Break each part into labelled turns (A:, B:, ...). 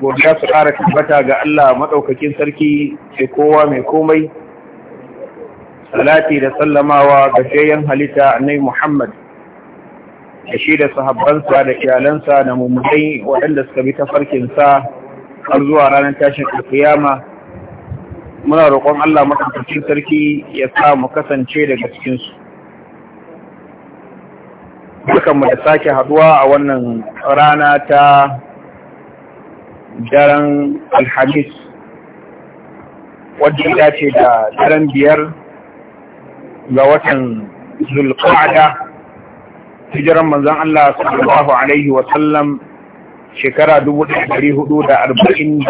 A: godiya su ƙara tabbata ga Allah maɗaukakin sarki mai kowa mai komai, salati da sallamawa ga shayen halitta na Muhammad, da shi da sahabbansa da iyalansa da mummai waɗanda suka bi ta tafarkinsa har zuwa ranar tashin alfiyama. Muna roƙon Allah maɗaukakin sarki ya sa mu kasance daga cikinsu. Dukanmu da sake haɗuwa a wannan rana ta daren alhamis wadda ya ce da daren biyar ga watan zulqa'ada hijiran manzon Allah sallallahu alaihi wa sallam shekara 1447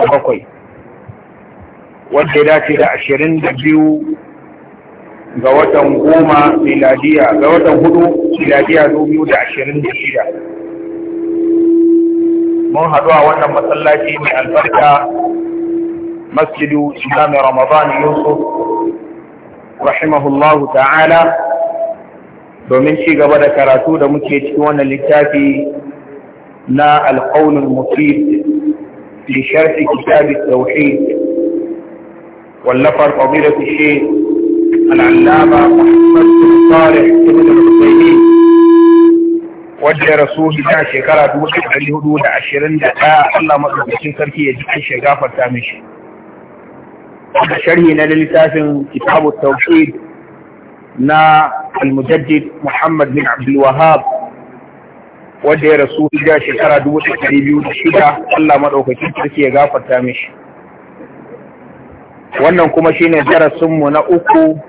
A: wadda ya dace da 22 ga watan goma miladiya ga watan hudu miladiya 2026 mun haɗu a wannan masallaci mai albarka masjidu imam ramadan yusuf rahimahullahu ta'ala domin ci gaba da karatu da muke cikin wannan littafi na alƙaunin mufid fi sharhi kitab tauhid wallafar fadilatu shaykh al-allama muhammad bin ibn al wadda ya rasu hijira shekara dubu ɗari hudu da ashirin da ɗaya Allah maɗaukakin sarki ya ji an shi gafarta mishi. Wanda sharhi na littafin kitabu tauhid na al-mujaddid Muhammad bin Abdul Wahab wadda ya rasu hijira shekara dubu ɗari biyu da shida Allah maɗaukacin sarki ya ta mishi. Wannan kuma shi ne darasinmu na uku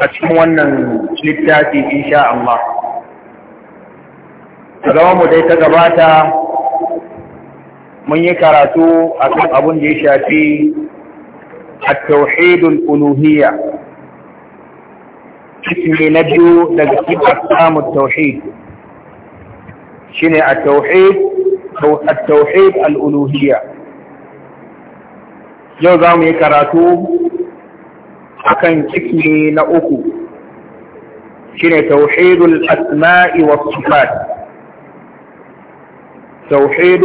A: a cikin wannan littafi insha Allah. zama mu dai ta gabata mun yi karatu a kan abin da ya shafi a tauhidul uluhiyya ismi na biyu daga cikin samun tauhid shi ne a tauhid al'uluhiyya yau za mu yi karatu a kan ismi na uku shi ne tauhidul asma'i wa
B: sifat توحيد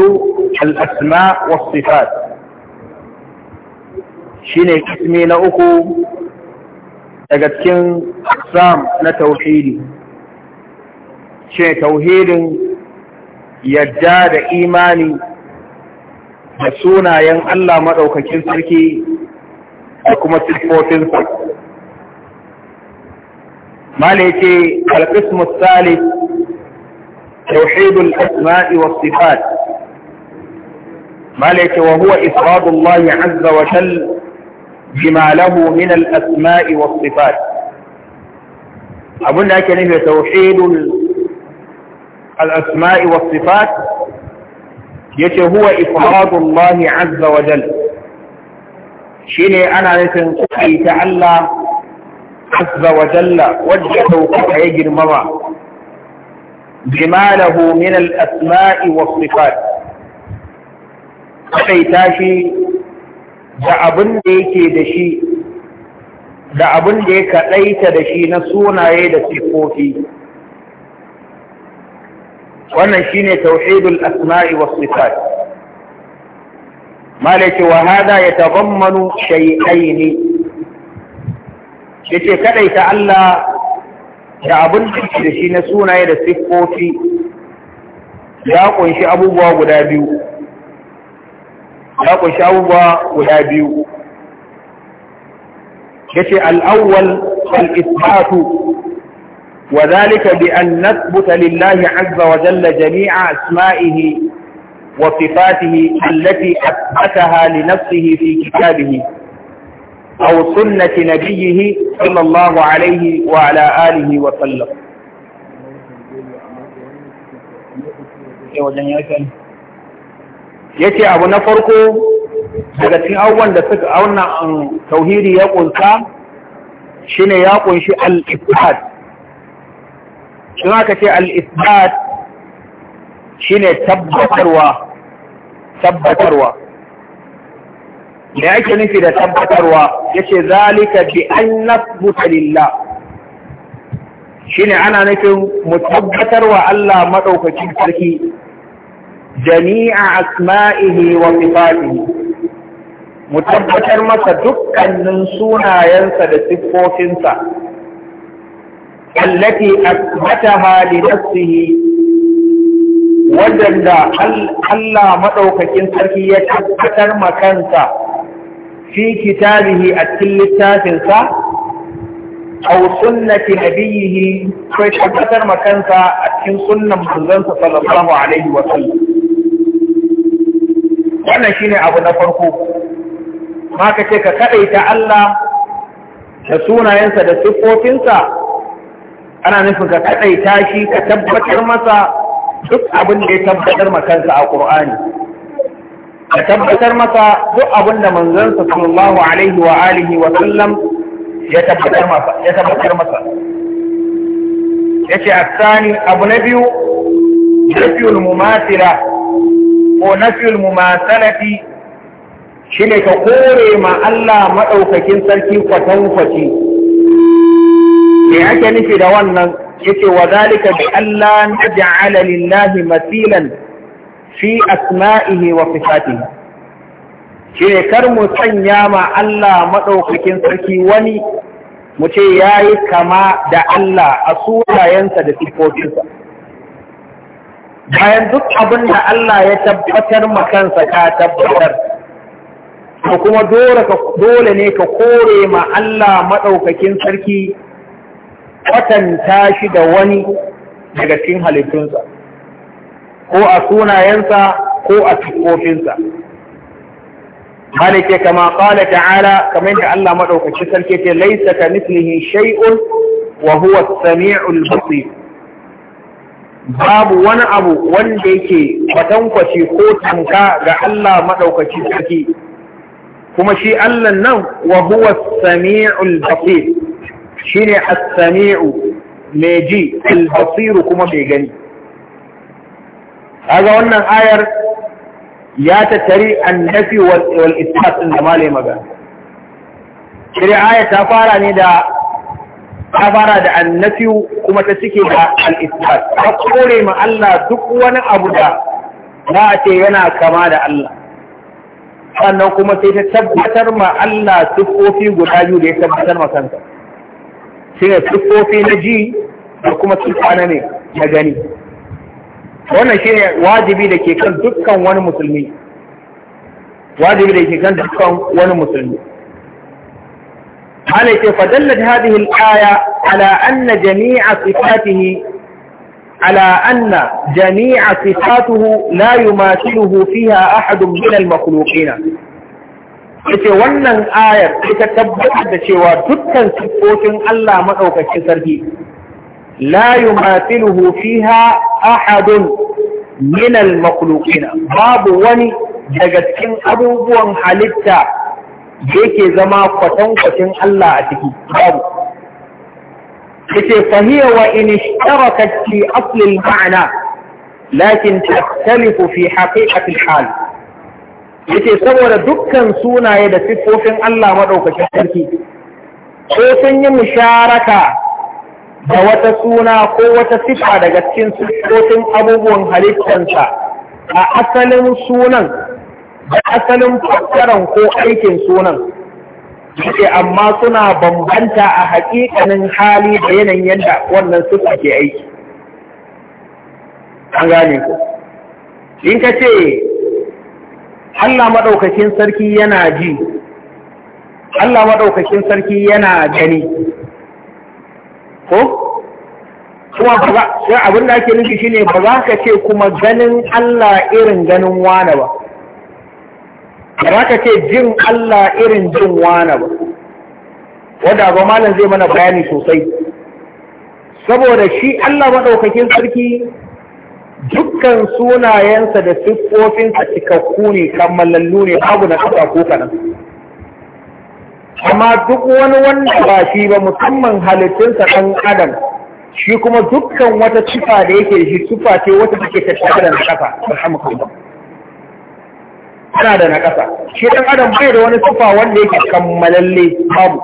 B: الأسماء والصفات
A: شيني كسمي نأكو تقدكين أقسام نتوحيدي شيني توحيد يجاد إيماني بسونا ين الله مدوك كنسركي وكما تلفوتين ما ليتي القسم الثالث توحيد الأسماء والصفات مالك وهو إفراد الله عز وجل بما له من الأسماء والصفات أبونا كلمة توحيد الأسماء والصفات
B: يتي هو إفراد
A: الله عز وجل شيني أنا نتنقل تعالى عز وجل وجهه قد يجر مرة bima lahu min al-asma'i wa sifat kai da abin da yake da shi da abin da ya kaɗaita da shi na sunaye da sifofi wannan shine tauhidul asma'i was sifat malaki wa hada yatadammanu shay'ain yace kadaita Allah da abun ciki da shi na suna da siffofi ya kunshi abubuwa guda ya kunshi abubuwa guda biyu yace al-awwal al-ithbatu wa zalika bi an nathbuta lillahi azza wa jalla jami'a asma'ihi wa sifatihi allati athbathaha li nafsihi fi kitabihi أو سنة نبيه صلى الله عليه وعلى آله وسلم
B: yace abu na farko daga cikin abubuwan da suka auna
A: tauhidi ya kunsa shine ya kunshi al-ibad aka ce al-ibad shine tabbatarwa tabbatarwa me yake nufi da tabbatarwa yace zalika bi an nasbuta lillah shine ana nufin mu tabbatarwa Allah madaukakin sarki jami'a asma'ihi wa sifatihi mu tabbatar masa dukkanin sunayensa da siffofinsa allati asbataha li nafsihi wadanda Allah maɗaukakin sarki ya tabbatar ma kansa. fi tarihi a cikin littafinsa aw sunnati nabiyhi ko tabbatar makansa a cikin sunnan manzansa sallallahu alaihi wa sallam wannan shine abu na farko ma ka ce ka kadaita Allah da sunayensa da siffofinsa ana nufin ka kaɗaita shi ka tabbatar masa duk abin da ya tabbatar ma kansa a Qur'ani ka tabbatar masa duk abin da manzansa sallallahu alaihi wa alihi wa sallam ya tabbatar masa ya tabbatar masa yace asani abu na biyu nafiyul mumathila ko nafiyul mumathalati shine ka kore ma Allah madaukakin sarki kwatan kwaci me ake nufi da wannan yace wa zalika bi Allah naj'ala lillahi masilan fi asma'ihi wa sifatihi shi kar mu sanya ma Allah maɗaukakin sarki wani mu ce ya yi kama da Allah a sunayensa da sifofinsa bayan duk abin da Allah ya tabbatar makansa ka tabbatar ko kuma dole ne ka kore ma Allah maɗaukakin sarki kwatanta shi da wani daga cikin halittunsa ko a sunayensa ko a tukofinsa malike kama qala ta'ala kamar da Allah madaukaki sarki ce laysa ka mithlihi shay'un wa huwa as-sami'ul basir babu wani abu wanda yake kwatankwaci ko tanka ga Allah madaukaki sarki kuma shi Allah nan wa huwa as-sami'ul basir shine as-sami'u Meji, al-basir kuma mai gani kaga wannan ayar ya tattari annafi wal isbat din da malai magana shari'a ayar ta fara ne da ta fara da annafi kuma ta cike da al isbat ta kore ma Allah duk wani abu da za a ce yana kama da Allah sannan kuma sai ta tabbatar ma Allah siffofi guda biyu da ya tabbatar ma kanta. shi ne siffofi na ji da kuma siffa na ne na gani wannan shi ne wajibi da ke kan dukkan wani musulmi wajibi da ke kan dukkan wani musulmi قال فدلت هذه الآية على أن جميع صفاته على أن جميع yace wannan ayar ita tabbatar da cewa dukkan siffofin Allah madaukakin sarki la yumathiluhu fiha ahadun min al-makhluqina babu wani daga cikin abubuwan halitta da yake zama kwatankwacin Allah a ciki babu yace fahiya wa in ishtarakat fi asl al-ma'na lakin takhtalifu fi haqiqati al-hal yace saboda dukkan sunaye da sifofin Allah madaukakin sarki ko sun yi musharaka da wata suna ko wata sifa daga cikin sifofin abubuwan halittarsa a asalin sunan da asalin fassaran ko aikin sunan yake amma suna bambanta a hakikanin hali da yanayin yadda wannan sifa ke aiki an gane ku in ka ce Allah maɗaukakin sarki yana ji Allah maɗaukakin sarki yana gani ko kuma ba sai abin da ake nufi shine ba za ka ce kuma ganin Allah irin ganin wane ba ba za ka ce jin Allah irin jin wane ba wadda ba malam zai mana bayani sosai saboda shi Allah maɗaukakin sarki dukkan sunayensa da siffofinsa cikakku ne kammalallu ne babu na ƙasa ko kanan amma duk wani wanda ba shi ba musamman halittunsa ɗan adam shi kuma dukkan wata tufa da yake shi tufa ce wata take tattare da nakasa alhamdulillah tana da ƙasa. shi ɗan adam bai da wani tufa wanda yake kammalalle babu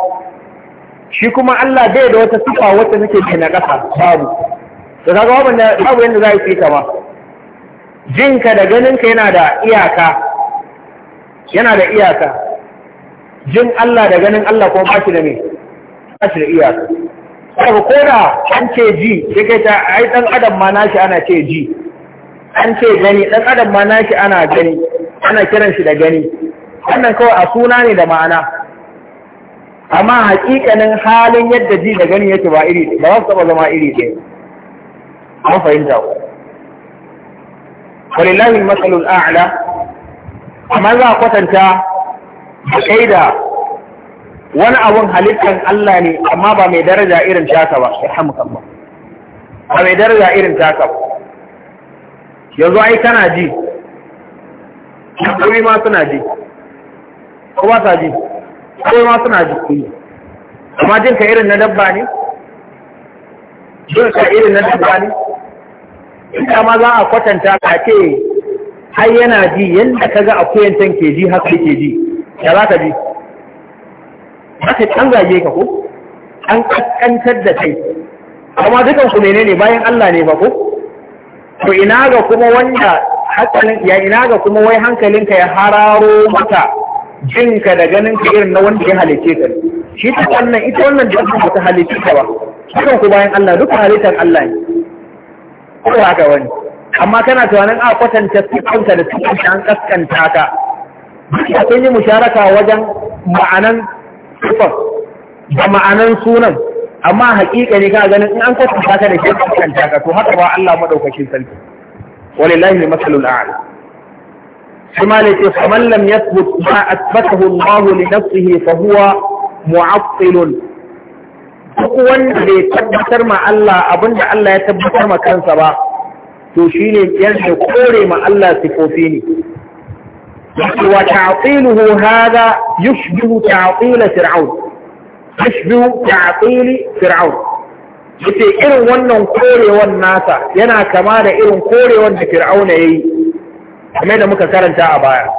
A: shi kuma Allah bai da wata tufa wata take da nakasa babu da kaga babu da babu yanda za yi kama jinka da ganinka yana da iyaka yana da iyaka jin Allah da ganin Allah kuma ba shi da ne ba shi da iyaka saboda ko an ce ji sai kai ta ai dan adam ma nashi ana ce ji an ce gani dan adam ma nashi ana gani ana kiran shi da gani wannan kawai a suna ne da ma'ana amma hakikanin halin yadda ji da gani yake ba iri ba wasu taba zama iri ɗaya an fahimta ku walillahi masalul a'la amma za a kwatanta da kai da wani abun halittar Allah ne amma ba mai daraja irin taka ba irhamukallah ba mai daraja irin taka ba yanzu ai kana ji kuma ma suna ji ko ba sa ji kuma ma suna ji kuma amma jin ka irin na dabba ne jin ka irin na dabba ne ita ma za a kwatanta ka ce har yana ji yadda ka ga akuyantan ke ji haka ke ji ya za ka ji aka an zage ka ko an kaskantar da kai amma dukan ku menene bayan Allah ne ba ko to ina ga kuma wanda hankalin ya ina ga kuma wai hankalinka ya hararo maka jinka da ganin ka irin na wanda ya halice ka shi ta wannan ita wannan da ba ta halice ka ba dukan ku bayan Allah duka halittar Allah ne ko haka wani amma kana tunanin a kwatanta sifanka da sifanka an kaskanta ka duka sun yi musharaka wajen ma'anan sifar da ma'anan sunan amma hakika ne ka ganin in an kwata ka da shi kan taka to haka ba Allah madaukakin sarki walillahi al-masalul a'la shi ma ne ce faman lam yathbut ma athbathahu Allah li nafsihi fa huwa mu'attilun duk wanda bai tabbatar ma Allah abinda Allah ya tabbatar ma kansa ba to shine yanda kore ma Allah sifofi ne وتعطيله هذا يشبه تعطيل فرعون يشبه تعطيل فرعون يتي إرن ونن قولي والناس ينا كمان إرن قولي ون فرعون أي حميدا مكسر انتا أبايا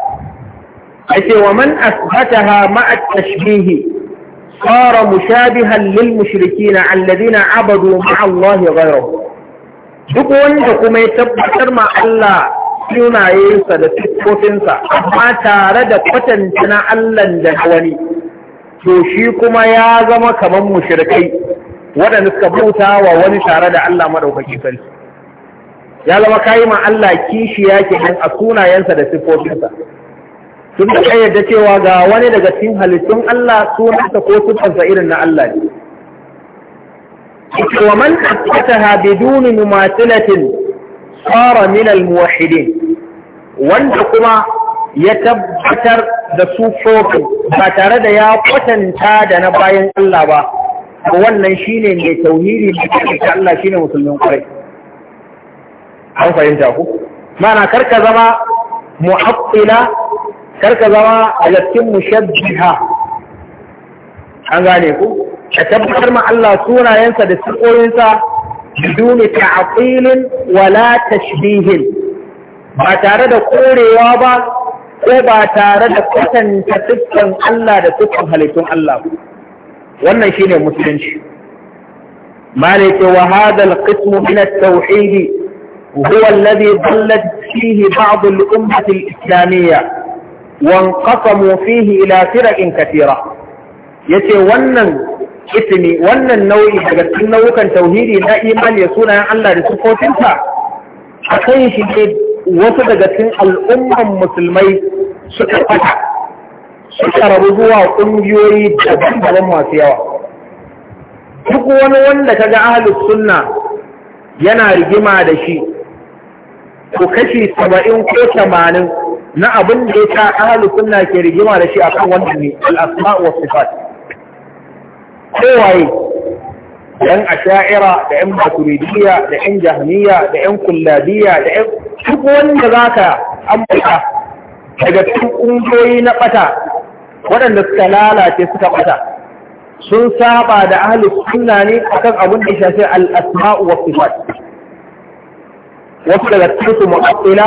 A: يتي ومن أثبتها مع التشبيه صار مشابها للمشركين الذين عبدوا مع الله غيره دقوا انتكم يتبتر مع الله sunayensa da siffofinsa amma tare da kwatanta na Allahn da wani to shi kuma ya zama kamar mushrikai waɗanda suka bauta wa wani tare da Allah maɗaukaki sarki ya zama kayi ma Allah kishi ya a sunayensa da siffofinsa sun da yadda cewa ga wani daga cikin halittun Allah sunansa ko sunansa irin na Allah ne ومن أثبتها بدون مماثلة صار من الموحدين wanda kuma ya tabbatar da su sufofin ba tare da ya kwatanta da na bayan Allah ba wannan shi ne mai tauhidi da Allah shi ne musulmin kwarai an fahimta ku mana karka zama mu'aqqila karka zama a gaskin mushabbiha an gane ku ka tabbatar ma Allah sunayensa da sifofinsa biduni ta'qilin wala tashbihin ba tare da korewa ba ko ba tare da kwatanta dukkan Allah da dukkan halittun Allah ba. Wannan shi ne musulunci. Malaiki wa hadal kismu mina tauhidi هو الذي ضلت فيه بعض الأمة الإسلامية وانقسموا فيه إلى فرق كثيرة يتي ونن اسمي ونن نوي حقا إنه كان توهيدي لا إيمان يسونا عن الله رسول فوتنسا أخيش wasu daga cikin al'umman musulmai suka fata suka rabu zuwa ƙungiyoyi daban-daban masu yawa duk wani wanda kaga ahlus sunna yana rigima da shi ko kashi saba'in ko tamanin na abin da ya ta ahlus sunna ke rigima da shi akan wanda ne al-asma' wa sifat kowaye ‘yan asha'ira da ‘yan maturidiya da ‘yan jahmiya da ‘yan kullabiya, da ‘yan duk wanda za ka ambata daga cikin ƙungiyoyi na ɓata waɗanda suka lalace suka ɓata sun saba da ahli sunna ne akan abin da shafi al-asma'u wa sifat wasu daga cikin su mu'attila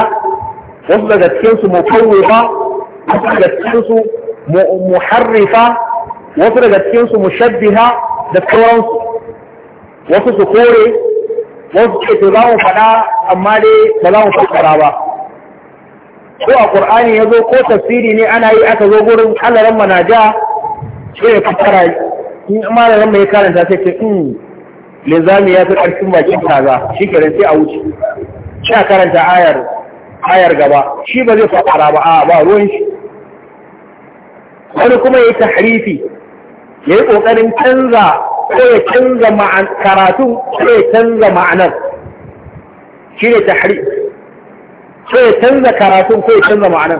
A: wasu daga cikin su mufawwifa
B: wasu daga cikin su
A: muharrifa wasu daga cikin su mushabbiha da sauransu wasu su kore wasu ce to za mu faɗa amma dai ba za mu fassara ba ko a ƙur'ani ya zo ko tafsiri ne ana yi aka zo gurin alaran manaja Sai ya fassara in malaran mai karanta sai ce in hmm, linzami ya fi ƙarfin bakin kaza shi kenan sai a wuce a karanta ayar ayar gaba shi ba zai fassara ba a ba ruwan shi wani kuma ya yi tahrifi ya yi ƙoƙarin canza ko ya canza karatun ko ya canza ma'anar shi ne tahari ko ya canza karatun ko ya canza ma'anar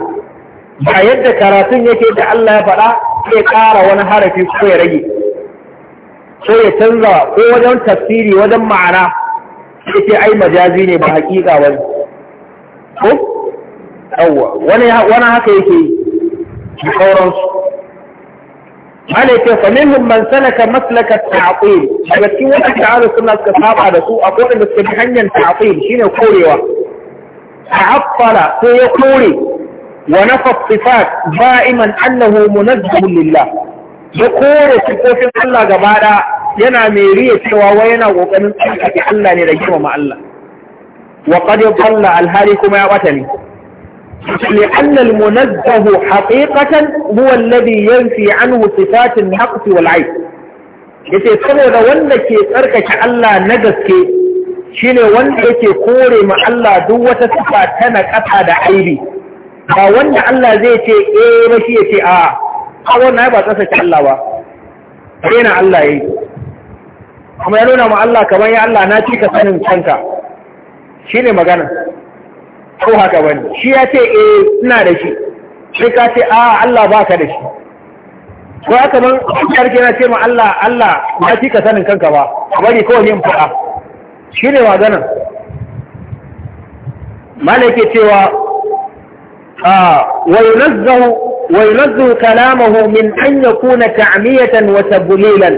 A: ba yadda karatun yake da Allah ya faɗa ko ya ƙara wani harafi ko ya rage ko ya canza ko wajen tafsiri wajen ma'ana yake ai majazi ne ba haƙiƙa wani ko yawwa wani haka yake yi
B: da sauransu
A: Malai ce fa minhum man salaka maslaka ta'qil daga cikin wanda ahlus sunna suka saba da su akwai wadanda suka bi hanyar ta'qil shine korewa ta'affala ko ya kore wa nafa sifat da'iman annahu munazzahun lillah ya kore sifofin Allah gaba da yana mai riya cewa wai yana kokarin tsarkake Allah ne da girmama Allah wa qad dhalla al kuma ya bata ne لأن المنزه حقيقة هو الذي ينفي عنه صفات النقص والعيب yace saboda wanda ke tsarkake Allah na gaske shine wanda yake kore ma Allah duk wata sifa ta naƙasa da aibi ba wanda Allah zai ce eh ba shi yace a a wannan ba ki Allah ba rena Allah yayi kuma ya nuna mu Allah kamar ya Allah na cika sanin kanka shine magana ko haka bane shi ya ce eh ina da shi sai ka ce a ah, Allah ba ka da shi ko haka man kar na ce ma Allah Allah ya fi ka sanin kanka ba bari ko yin fada shi ne maganan malaka cewa
B: a
A: ah, wa yunazzahu wa yunazzahu kalamahu min an yakuna ta'miyatan wa tabdilan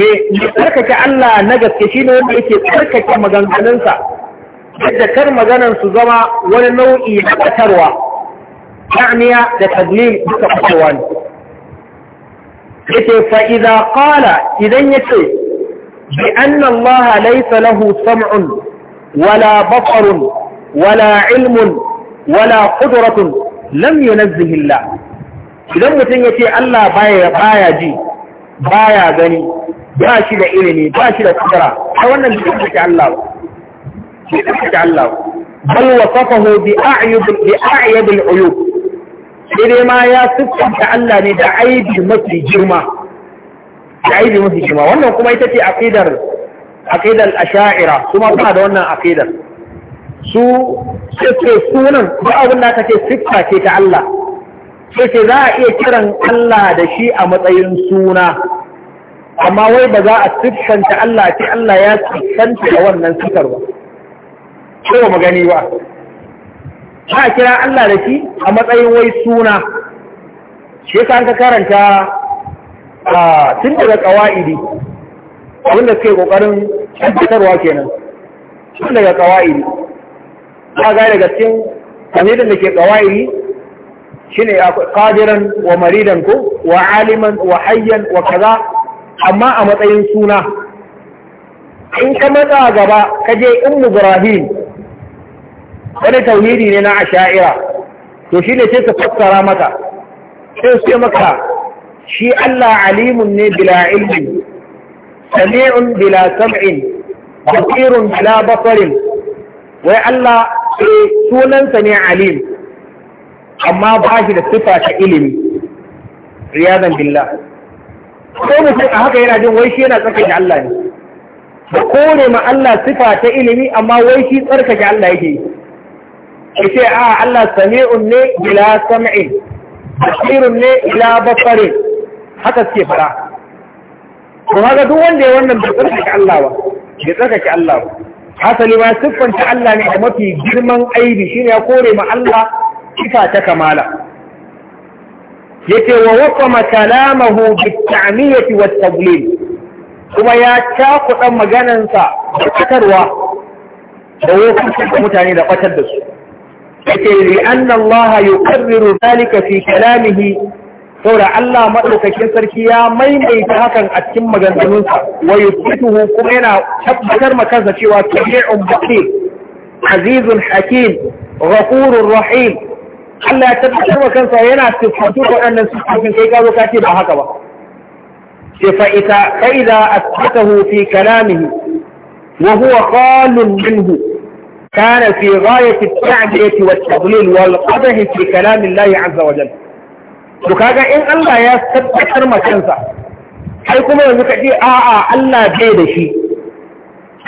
A: me tsarkake Allah na gaske shine wanda yake tsarkake maganganunsa yadda kar maganan su zama wani nau'i na batarwa ta'niya da tadlil duka batarwa ne yace fa idza qala idan yace bi anna allaha laysa lahu sam'un wala basarun wala ilmun wala qudratun lam na allah idan mutum yace Allah baya baya ji baya gani ba shi da ilimi ba shi da kudura ai wannan bai Allah ba bai tsarkake Allah bal wasafahu bi a'yub bi a'yab al sai ma ya siffanta Allah ne da aibi mafi girma da aibi mafi girma wannan kuma ita ce aqidar aqidar ash'ira kuma ba da wannan aqidar su sai sunan da abin da ce siffa ce ta Allah sai ce za a iya kiran Allah da shi a matsayin suna amma wai ba za a siffanta Allah ce Allah ya siffanta da wannan siffar ba ce ba gani ba ba kira Allah da shi a matsayin wai suna shi ka ka karanta a tun daga Abin wanda suke kokarin tabbatarwa kenan tun daga kawa'idi ba ga daga cikin kamidin da ke qawaidi shine qadiran wa maridan wa aliman wa hayyan wa kaza amma a matsayin suna in ka matsa gaba ka je in ibrahim wani tauhidi ne na asha'ira to shi ne sai su fassara maka sai su maka shi Allah alimun ne bila ilmi sami'un bila sam'in basirun bila basarin wai Allah eh, sunansa ne alim amma ba shi da sifa ta ilimi riyadan billah ko mutum a haka yana jin wai shi yana tsarkake Allah ne da kone ma Allah sifa ta ilimi amma wai shi tsarkake Allah yake yi yace a ah, Allah sami'un ne ila sam'in basirun ne ila basarin haka suke fara ko haka duk wanda ya wannan da bai tsarkake Allah ba bai tsarkake Allah ba hasali ma siffanta Allah ne da mafi girman aibi shine ya kore ma Allah sifa ta kamala yake wa wasama kalamahu bit wat tawlil kuma ya cakuɗa maganansa da fitarwa da wokan mutane da kwatar da su yake li anna Allah yuqarriru zalika fi kalamihi saboda Allah madaukakin sarki ya maimaita hakan a cikin maganganunsa wa yusbituhu yana tabbatar ma kansa cewa tabi'un baqi azizun hakim ghafurur rahim Allah ya tabbatar ma kansa yana sifatu waɗannan sifofin kai ka zo ba haka ba ce fa ita fa idza asbatahu fi kalamihi wa huwa qalun كان في غاية التعبئة والتضليل والقبح في كلام الله عز وجل وكذا إن الله يستبتر ما تنسى حيكم يقول آآ الله بيد شيء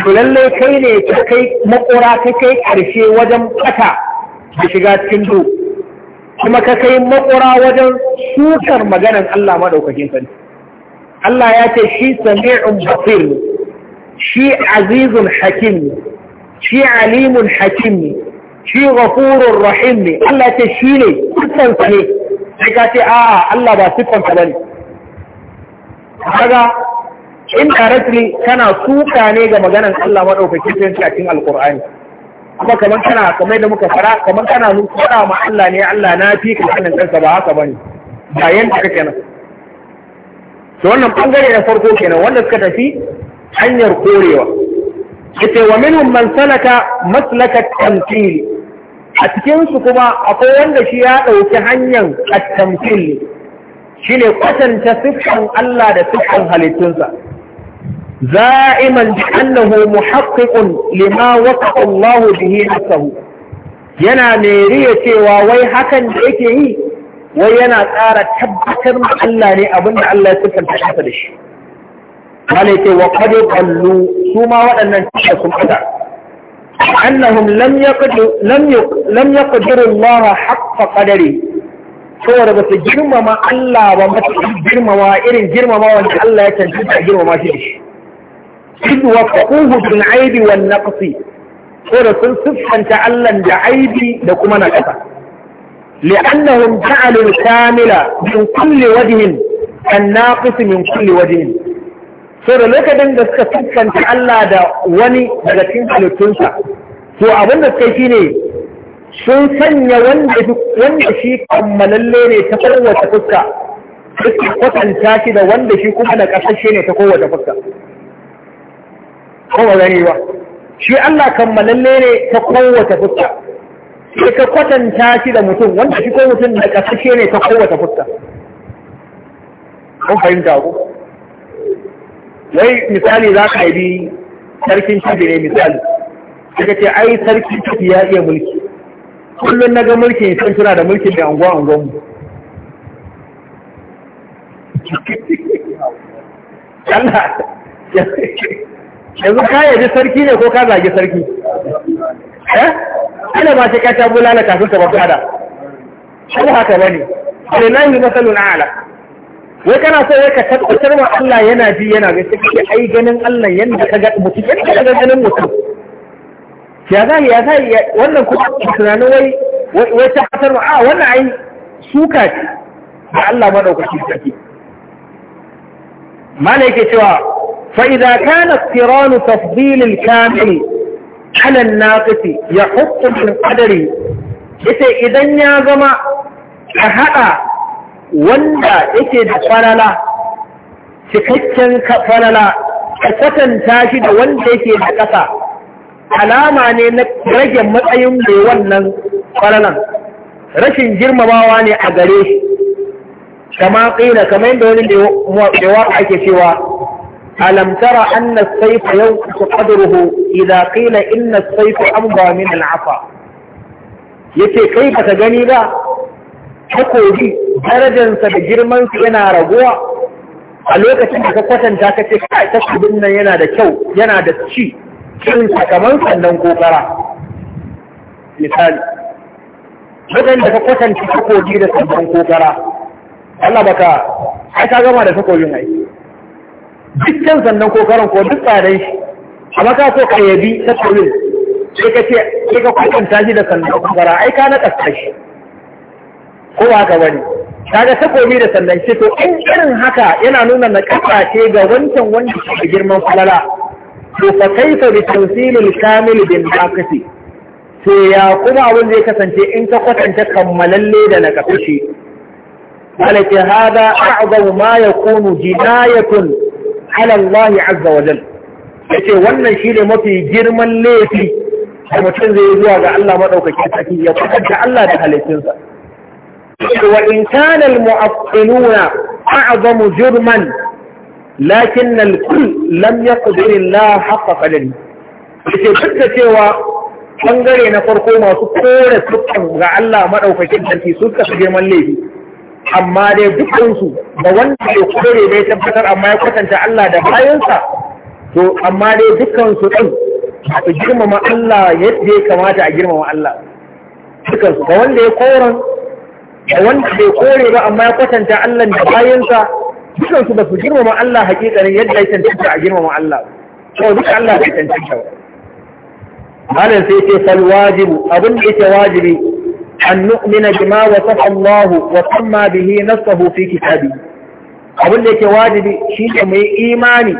A: lalle kai ne ka kai makora ka kai ƙarshe wajen ɓata da shiga cikin kuma ka kai makora wajen sukar maganar Allah maɗaukakin sani Allah ya ce shi sami'un basir shi azizun hakim shi alimun hakim ne shi ghafurur rahim ne Allah ce shi ne siffansa ne sai ka ce a'a Allah ba siffansa bane kaga indirectly kana suka ne ga maganan Allah madaukakin sarki a cikin alqur'ani kuma kamar kana kamar da muka fara kamar kana nuna ma Allah ne Allah na fi ka sanin kansa ba haka bane ba yanda kake nan to wannan bangare na farko kenan wanda suka tafi hanyar korewa yace wa minhum man salaka maslaka tamthil a cikin su kuma akwai wanda shi ya dauki hanyar at-tamthil shine kwatanta sifan Allah da siffan halittunsa za'iman bi annahu muhaqqiqun lima waqa Allah bihi nafsuhu yana mai riya cewa wai hakan da yake yi wai yana tsara tabbatar ma Allah ne abinda Allah ya siffanta da shi malai wa qad qallu su ma waɗannan suka sun fada annahum lam yaqdu lam lam yaqdiru Allah haqqa saboda ba su girmama Allah ba matakin girmama irin girmama wanda Allah ya cancanta girmama shi da shi إذ وفقوه بالعيب والنقص سورة صفحا تعلم بعيب لكم نقص لأنهم جعلوا الكامل من كل وجه الناقص من كل وجه so da lokacin da suka fuskanta Allah da wani daga cikin halittunsa to abin da suka yi ne sun sanya wanda shi kammalalle ne ta kowace fuska suka kwatanta shi da wanda shi kuma da ƙasashe ne ta kowace fuska kowa gani ba shi Allah kammalalle ne ta kowace fuska sai ka kwatanta shi da mutum wanda shi ko mutum da ƙasashe ne ta kowace fuska kun fahimta ku wai misali za ka yi sarkin shi ne misali daga ce ai sarkin shi ya iya mulki kullum na ga mulkin san tuna da mulkin da anguwa anguwan mu Allah yanzu ka yaji sarki ne ko ka zage sarki
B: eh ana ba shi
A: kata bulala kafin ka babu ada
B: ko haka bane
A: sai nan yi masalun ala wai kana so wai ka tabbatar wa Allah yana ji yana ga sai ai ganin Allah yanda ka ga mutum yanda ka ga ganin mutum ya zai ya zai wannan kuma tunanin wai wai tabbatar wa a wannan ai suka ce da Allah madaukaki take mala yake cewa fa idza kana iqtiran tafdil al-kamil ala an-naqis yahuttu min qadari yace idan ya zama ka haɗa. wanda yake da falala cikakken falala ka kwatanta shi da wanda yake da ƙasa alama ne na rage matsayin mai wannan falalan rashin girmamawa ne a gare shi kama ƙila kamar yadda wani da ake cewa alam tara anna as-sayfa su qadruhu idha qila inna as-sayfa min al-afa yace kai baka gani ba takobi darajansa da su yana raguwa a lokacin da ka kwatanta ka ce kai takobin nan yana da kyau yana da ci cin sakaman sannan kokara misali lokacin da ka kwatanta takobi da sannan kokara Allah baka ai ka gama da takobin ai dukkan sannan kokaran ko duk tsadan shi amma ka so ka yabi takobin sai ka ce sai ka kwatanta shi da sannan kokara ai ka na kasashe ko ba haka bane kaga takobi da sannan shi to in irin haka yana nuna na ce ga wancan wanda ke girman falala to fa kaifa bi tawsilil kamil bin naqsi to ya kuma abin zai kasance in ka kwatanta kammalalle da na kafishi malaka hada a'zamu ma yakunu jinayatun ala Allah azza wa jalla yace wannan shine mafi girman laifi da mutum zai zuwa ga Allah madaukakin saki ya kwatanta Allah da halittunsa وإن كان المعطلون أعظم جرما لكن الكل لم يقدر الله حق قدره yake duk da cewa bangare na farko masu kore sukan ga Allah maɗaukakin sarki su suka fi girman laifi amma dai dukansu da wanda ke kore bai tabbatar amma ya kwatanta Allah da kayansa, to amma dai dukansu ɗin su girmama Allah yadda ya kamata a girmama Allah dukansu ga wanda ya koren. da wanda bai kore ba amma ya kwatanta Allah da bayansa dukkan su ba su girmama Allah hakikanin yadda ya tantance a girmama Allah to duka Allah bai tantance ba malam sai ce fal wajibu abin da yake wajibi an nu'mina bima wasafa Allah wa tamma bihi nasahu fi kitabi abin da yake wajibi shi ne mai imani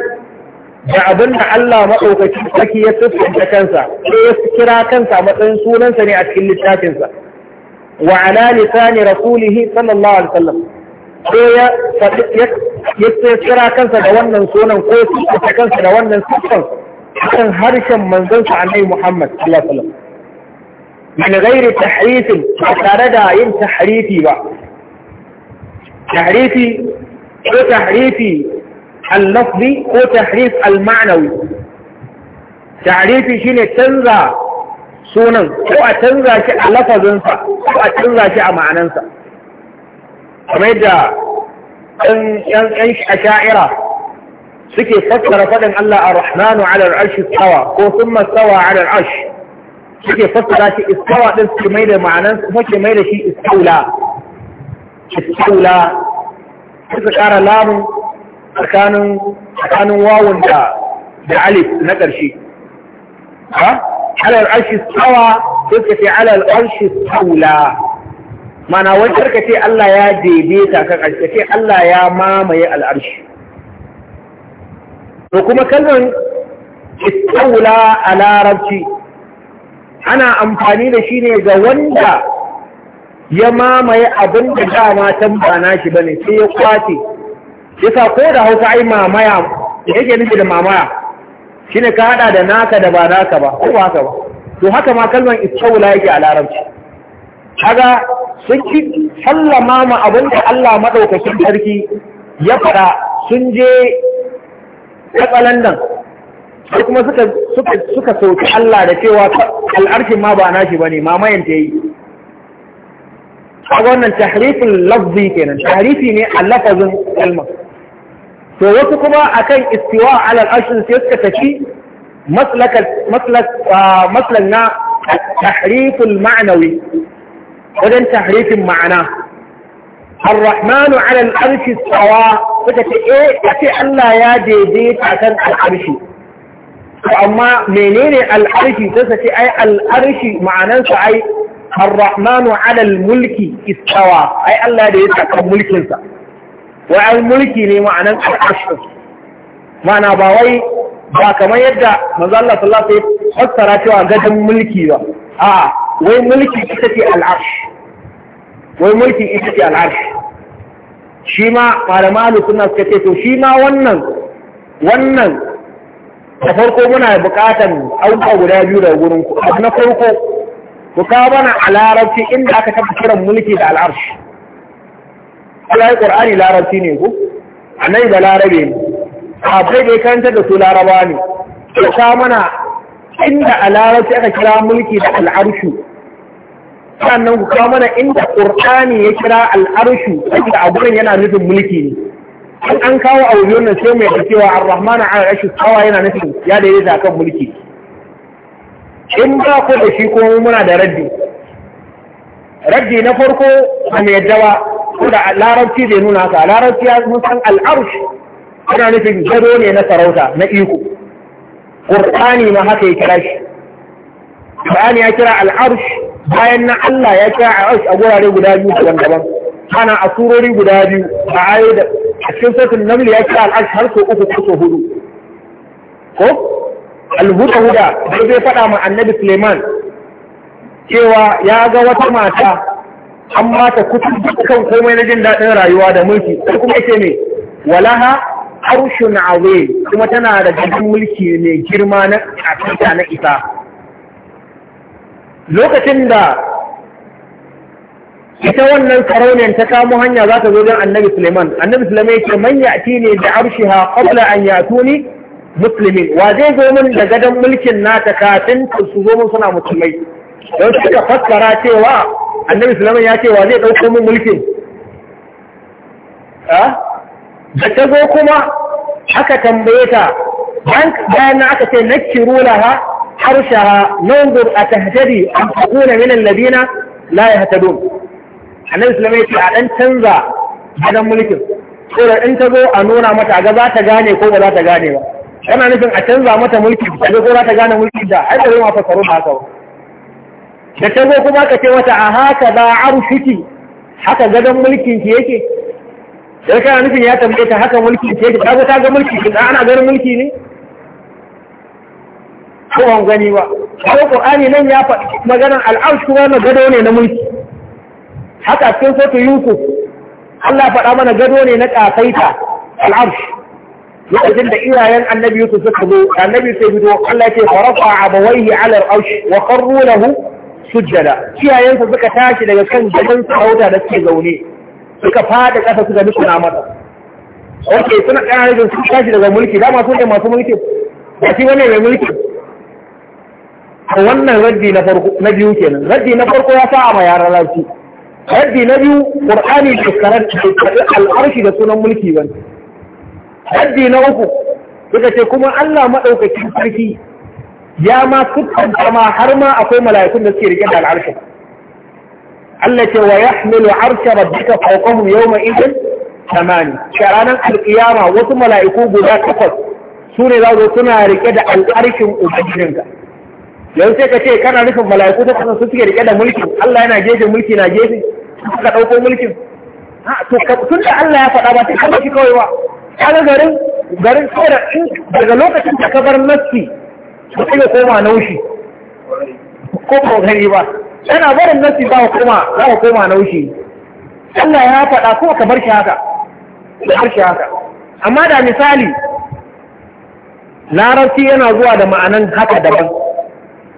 A: da abin da Allah maɗaukacin saki ya siffanta kansa sai ya kira kansa matsayin sunansa ne a cikin littafinsa وعلى لسان رسوله صلى الله عليه wasallam sai ya kira kansa da wannan sunan ko ta kansa da wannan siffan kan harshen manzansa annabi Muhammad sallallahu alaihi wasallam min ghairi tahrif ba tare da yin tahrifi ba tahrifi ko tahrifi al-lafzi ko tahrif al-ma'nawi tahrifi shine canza sunan ko a canza shi a lafazinsa ko a canza shi a ma'anansa kamar yadda yan a sha'ira suke fassara faɗin Allah a rahmanu alar arshi tsawa ko sun masawa alar arshi suke fassara shi istawa ɗin suke mai da kuma suke mai da shi istaula istaula suka ƙara lamun tsakanin wawun da alif na ƙarshe ha على العرش استوى تلك على العرش استولى mana wani karkace Allah ya debe ka kan Allah ya mamaye al'arshi to kuma kallon istawla a larabci ana amfani da shi ne ga wanda ya mamaye abin da dama matan ba na shi ne, sai ya kwace yasa ko da hausa ai mamaya yake nufi da mamaya shine ka haɗa da naka da ba naka ba ko haka ba to haka ma kalman istaula yake a larabci kaga sun ki sallama ma abin da Allah madaukakin sarki ya fara sun je katsalan nan sai kuma suka suka sauki Allah da cewa al'arshin ma ba nashi bane mayan ta yi kaga wannan tahrifin lafzi kenan tahrifi ne a lafazin kalmar to wasu kuma akan istiwa alal arshin sai suka tafi maslak na tahriful ma'anawi wajen tahrifin ma'ana arrahmanu alal arshi tsawa suka ce eh a ce Allah ya daidaita kan al'arshi to amma menene al'arshi sai su ce ai al'arshi ma'anansa ai arrahmanu alal mulki istawa ai Allah da ya kan mulkinsa wai ai mulki ne ma'anan al'arshin ma'ana ba wai ba kamar yadda manzo Allah sallallahu alaihi
B: wasallam fassara cewa gadon
A: mulki ba a wai mulki ita ce al'arsh wai mulki ita ce al'arsh shi ma malama suna suka ce to shi ma wannan wannan da farko muna buƙatan auka guda biyu daga gurin ku na farko ku kawo mana a larabci inda aka taɓa kiran mulki da al'arshi Allah ya ƙur'ani larabci ne A annabi da larabe ne A da ya karantar da su laraba ne to ka mana inda a larabci aka kira mulki da al'arshu sannan ku kawo mana inda ƙur'ani ya kira al'arshu da a gurin yana nufin mulki ne in an kawo a wajen nan sai mai cewa ar-rahman al-arshi tsawa yana nufin ya yadda kan mulki in ba ku da shi ko muna da raddi raddi na farko a mai yadda ba ko da larabci bai nuna ka. larabci ya mun san al'arsh ana nufin gado ne na sarauta na iko qur'ani ma haka ya kira shi qur'ani ya kira al'arsh bayan na Allah ya kira al'arsh a gurare guda biyu daban-daban ana a surori guda biyu a ayo da a cikin sautin namli ya kira al'arsh har sau uku ko sau hudu ko al-huda-huda zai faɗa ma annabi Suleiman cewa ya ga wata mata an mata kusa dukkan komai na jin daɗin rayuwa da mulki sai kuma yake ne walaha arshun azim kuma tana da gidan mulki mai girma na kafita na isa lokacin da ita wannan sarauniyar ta kamo hanya za ta zo don annabi suleiman annabi suleiman ya ce man ya'ti ne da arshiha qabla an yatuni muslimin wa zai zo min da gadon mulkin nata kafin su zo min suna musulmai don suka fassara cewa annabi sulaiman ya ce wa zai ɗauko min mulkin da ta zo kuma aka tambaye ta bayan na aka ce nakiru laha harshaha nanzur a tahtadi takuna min alladina la yahtadun annabi sulaiman ya ce a dan canza gadon mulkin ko da in ta zo a nuna mata ga za ta gane ko ba za ta gane ba yana nufin a canza mata mulki ta zo za ta gane mulki da har da zai ma fasaro haka ba da ta kuma ka ce wata a haka za arshiki haka gadon mulkin ki yake sai kana nufin ya tambaye ta haka mulki ce ta ta ga mulki ki ana ganin mulki ne ko an gani ba ko qur'ani nan ya faɗi maganar al'arsh kuma na gado ne na mulki haka cikin sotu yuku Allah faɗa mana gado ne na kafaita al'arsh lokacin da iyayen annabi yusuf suka zo annabi sai fito Allah ya ce farafa abawaihi ala al'arsh wa qarru lahu sujjada kiyayensa suka tashi daga kan gadon sarauta da suke zaune suka fada ƙasa suka na mata ok suna ƙananan da suka tashi daga mulki dama sun ne masu mulki ba shi wani mai mulki a wannan raddi na farko na biyu kenan raddi na farko ya sa ma yaran lafi raddi na biyu ƙur'ani da karar al'arshi da sunan mulki ban raddi na uku suka ce kuma Allah madaukakin sarki ya ma siffanta ma har ma akwai mala'ikun da suke rike da al'arshin Allah ce wa yahmilu arsha rabbika fawqahum yawma idin samani sharanan alqiyama wasu mala'iku guda takwas su ne za su suna rike da al'arshin ubangijinka yanzu sai ka ce kana nufin mala'iku ta kasan su suke rike da mulkin Allah yana gefe mulki na gefe suka dauko mulkin to tun da Allah ya faɗa ba sai ka kawai ba kaga garin garin kawai daga lokacin da ka bar nassi mutum ya koma naushi ko ba gani ba yana barin nasi za ka koma za ka koma naushi Allah ya faɗa ko ka bar shi haka ka bar shi haka amma da misali larabci yana zuwa da ma'anan haka daban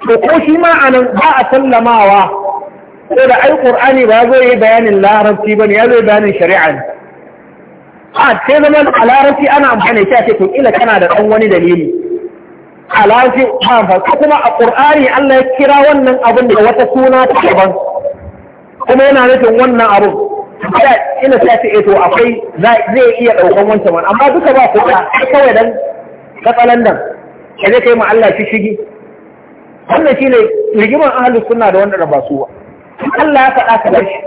A: to ko shi ma'anan ba a sallamawa ko da ai qur'ani ba zo yi bayanin larabci bane ya zo bayanin shari'a ne a sai zaman a larabci ana amfani shi a ce to kila kana da ɗan wani dalili Alaji hamfa ko kuma a ƙur'ani Allah ya kira wannan abin da wata suna ta daban kuma yana nufin wannan abin ina ta ce eto eh, akwai zai iya ɗaukan wancan wani amma duka ba ku da kawai dan katsalan nan ka zai kai ma Allah shi shigi wannan shi ne rigimar ahalus suna da wanda ba su ba Allah ya faɗa ka shi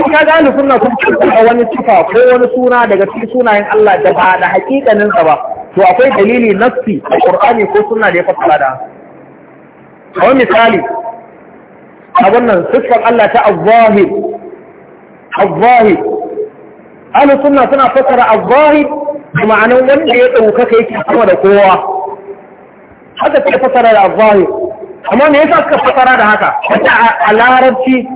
A: in ka ga ahalus sunna sun ce wani tufa ko wani suna daga cikin sunayen Allah da ba da hakikanin sa ba to akwai dalili nassi a Qur'ani ko sunna da ya fassara da kamar misali a wannan siffar Allah ta azzahir azzahir ahlu sunna suna fassara azzahir da ma'anar wanda ya kai yake sama da kowa haka ta fassara da azzahir amma me yasa suka fassara da haka wata a larabci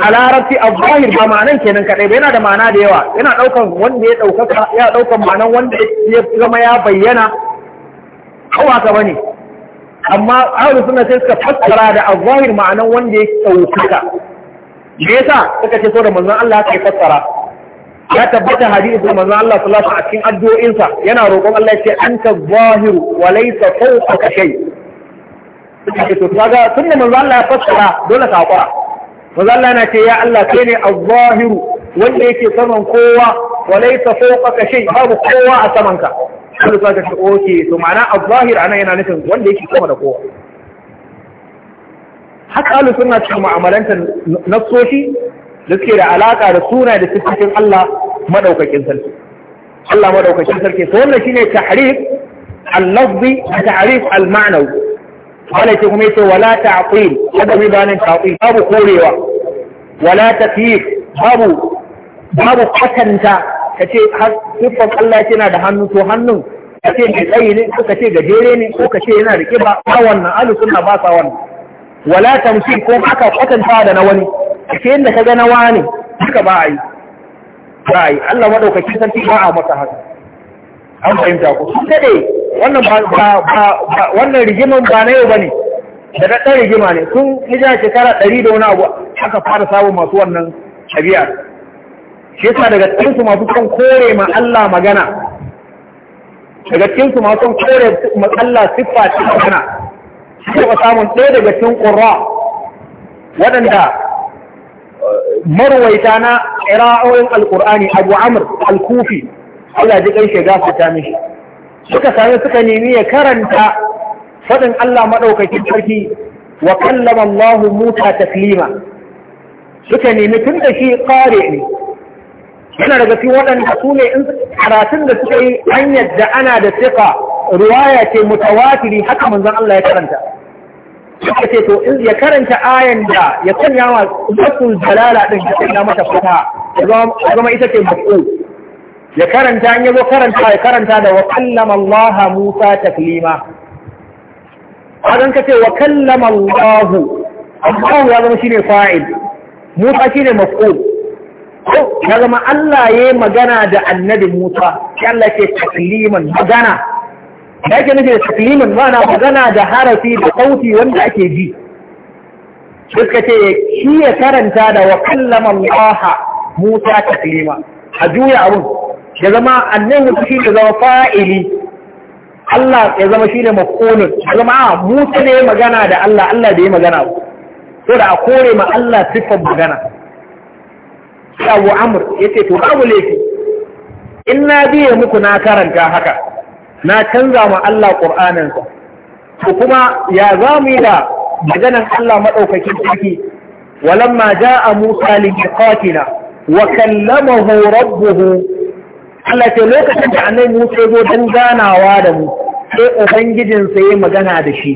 A: a larabci a zahir ba ma'anan kenan kaɗai ba yana da ma'ana da yawa yana ɗaukan wanda ya ɗaukaka ya ɗaukan ma'anan wanda ya zama ya bayyana hawa ka bane amma ahlus sunna sai suka fassara da azahir ma'anan wanda ya ɗaukaka me yasa suka ce so da manzon Allah ka fassara ya tabbata hadisi da manzon Allah sallallahu alaihi wasallam a cikin addu'o'insa yana roƙon Allah ya ce anta zahiru wa laysa fawqaka shay suka ce to kaga sunna manzon Allah ya fassara dole ka hakura maza Allah na ce ya Allah kai ne az wanda yake saman kowa wa laysa fawqaka shay babu kowa a samanka. ka kullu ka ce oke to ma'ana az ana yana nufin wanda yake sama da kowa haka ahlus sunna cikin mu'amalantar nassoshi da suke da alaka da suna da sifofin Allah madaukakin sarki Allah madaukakin sarki to wannan shine tahrif al-lafzi da tahrif al-ma'nawi wala ce kuma yace wala ta'qil kada mu bayanin ta'qil babu korewa wala takyif babu babu kwatanta kace har dukkan Allah yana da hannu to hannun kace mai tsayi ne ko kace gajere ne ko kace yana da kiba ba wannan alu sunna ba sa wannan wala tamsil ko aka kwatanta da na wani kace inda kaga na wani haka ba ai ba ai Allah madaukakin sarki ba a masa haka an fahimta ku sun dade wannan rigimin ba na yau ba ne da daɗa rigima ne tun nija shekara ɗari da wani abu aka fara samun masu wannan shari'a shi yasa daga cikinsu masu kan kore ma Allah magana daga cikinsu masu kan kore ma Allah siffa ta magana shi ba samun ɗaya daga cikin ƙurra waɗanda eh, marwaita na ƙira'o'in alƙur'ani abu amur alkufi Allah ji ƙarshe ta mishi suka sami suka nemi ya karanta faɗin Allah maɗaukakin sarki wa kallama Allah Musa taslima suka nemi tun da shi ƙare ne yana daga cikin waɗanda su ne in karatun da suka yi hanyar da ana da sifa ruwaya ce mutawatiri haka manzon Allah ya karanta suka ce to in ya karanta ayan da ya sanya wa dalala din ya mata fata ya zama ita ce mafu ya karanta an yazo karanta ya karanta da wa kallama Allah Musa taklima hadan kace wa kallama Allah Allah ya zama shine fa'il Musa shine maf'ul ya zama Allah ya yi magana da annabi Musa shi Allah ke takliman magana da yake nufi da takliman mana magana da harafi da sauti wanda ake ji suka ce shi ya karanta da wa kallama Allah Musa taklima a juya abun ya zama annahu shi ne zama fa'ili Allah ya zama shi ne mafulun ya zama a ah, musa ne magana da Allah Allah da ya magana so da a kore ma Allah siffar magana sai Abu ya ce to laifi in na biye muku na karanta haka na canza ma Allah ƙur'aninsa. to kuma ya za mu yi da maganan Allah madaukakin sarki walamma a Musa li miqatina wa kallamahu rabbuhu Allah ce lokacin da annabi Musa ya zo dan ganawa da mu sai ubangijin sa ya magana da shi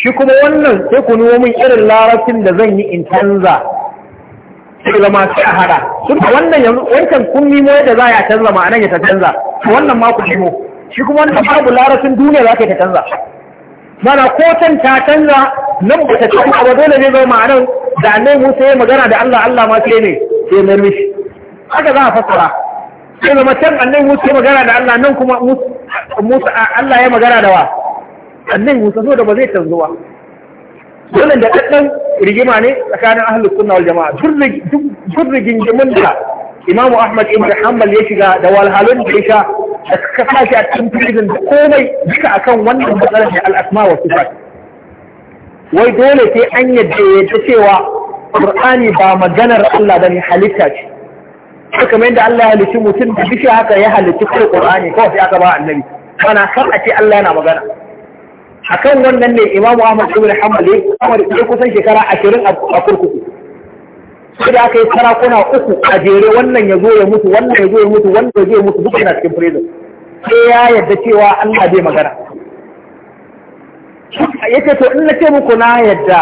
A: shi kuma wannan sai ku nuno min irin larabcin da zan yi in canza sai zama sai a hada sun wannan yanzu wancan kun nemo yadda za a canza ma'anar ya ta canza wannan ma ku nemo shi kuma wannan babu larabcin duniya za ka ta canza mana ko can ta canza nan ba ta canza ba dole ne zai ma'anar da annabi Musa ya magana da Allah Allah ma sai ne sai na mishi haka za a fassara sai zama can annabi Musa ya magana da Allah nan kuma
B: Musa Allah ya magana da wa
A: annabi Musa so da ba zai canzo ba wannan da daddan rigima ne tsakanin ahlus sunna wal jama'a duk rigingimin da Imam Ahmad ibn Hanbal ya shiga da walhalun da ya sha da suka a cikin prison da komai duka akan wannan matsalar da al-asma wa sifat wai dole sai an yadda ya cewa Qur'ani ba maganar Allah bane halitta ce kamar yadda Allah ya halicci mutum da bishiya haka ya halicci kai Qur'ani kawai sai aka ba annabi mana san a ce Allah yana magana akan wannan ne Imam Ahmad ibn Hanbal ya kusan shekara 20 a kurkuku sai da aka yi sarakuna uku a jere wannan ya zo ya mutu wannan ya zo ya mutu wannan ya zo ya mutu duk yana cikin prison sai ya yadda cewa Allah bai magana yace to in na ce muku na yadda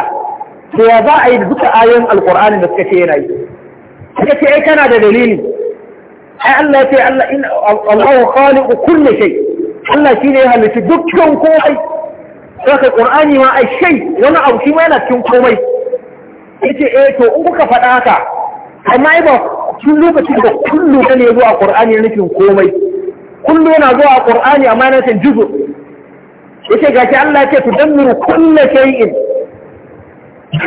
A: to ya za a yi duka ayoyin Alƙur'ani da suka ce yana yi suka ce ai kana da dalili ai Allah ya ce Allah in Allah khaliqu kulli shay Allah shine ya halitta dukkan komai saka Qur'ani ma ai shay wani abu shi ma yana cikin komai yace eh to in kuka faɗa haka amma ai ba tun lokacin da kullu ne zuwa Qur'ani nufin komai kullu yana zuwa Qur'ani amma yana nufin juzu yace gashi Allah ya ce tudammiru kulli shay'in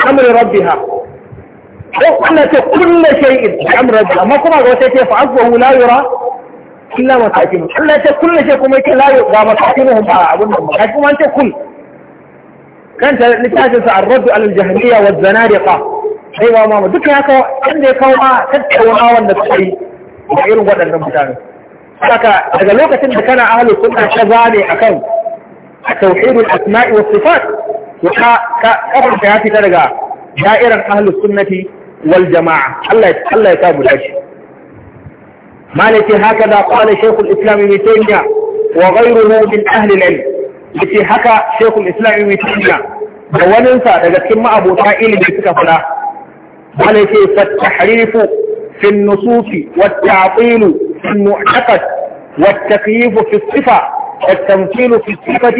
A: amri rabbiha حقنة كل شيء عمر الله ما كما غوتيتي فعفوه لا يرى إلا ما تأتينه حقنة كل شيء كما يكي لا يرى ما تأتينه ما أعبونه حقوم أنت كل كانت لتأتيس الرد على الجهنية والزنارقة أيوة ماما دكي أكا عندي قوما تتكونا والنسخي يعيرون قد الرب تاني فكا إذا لو كتنت كان أهل السنة شزاني أكو التوحيد الأسماء والصفات وكا كأفر حياتي ترقى جائرا أهل السنة والجماعه الله الله يتابع الحج مالتي هكذا قال شيخ الاسلام ابن تيميه وغيره من اهل العلم التي حكى شيخ الاسلام ابن تيميه وننسى اذا كان ابو طائل بن مالتي فالتحريف في النصوص والتعطيل في المعتقد والتكييف في الصفة والتمثيل في الصفة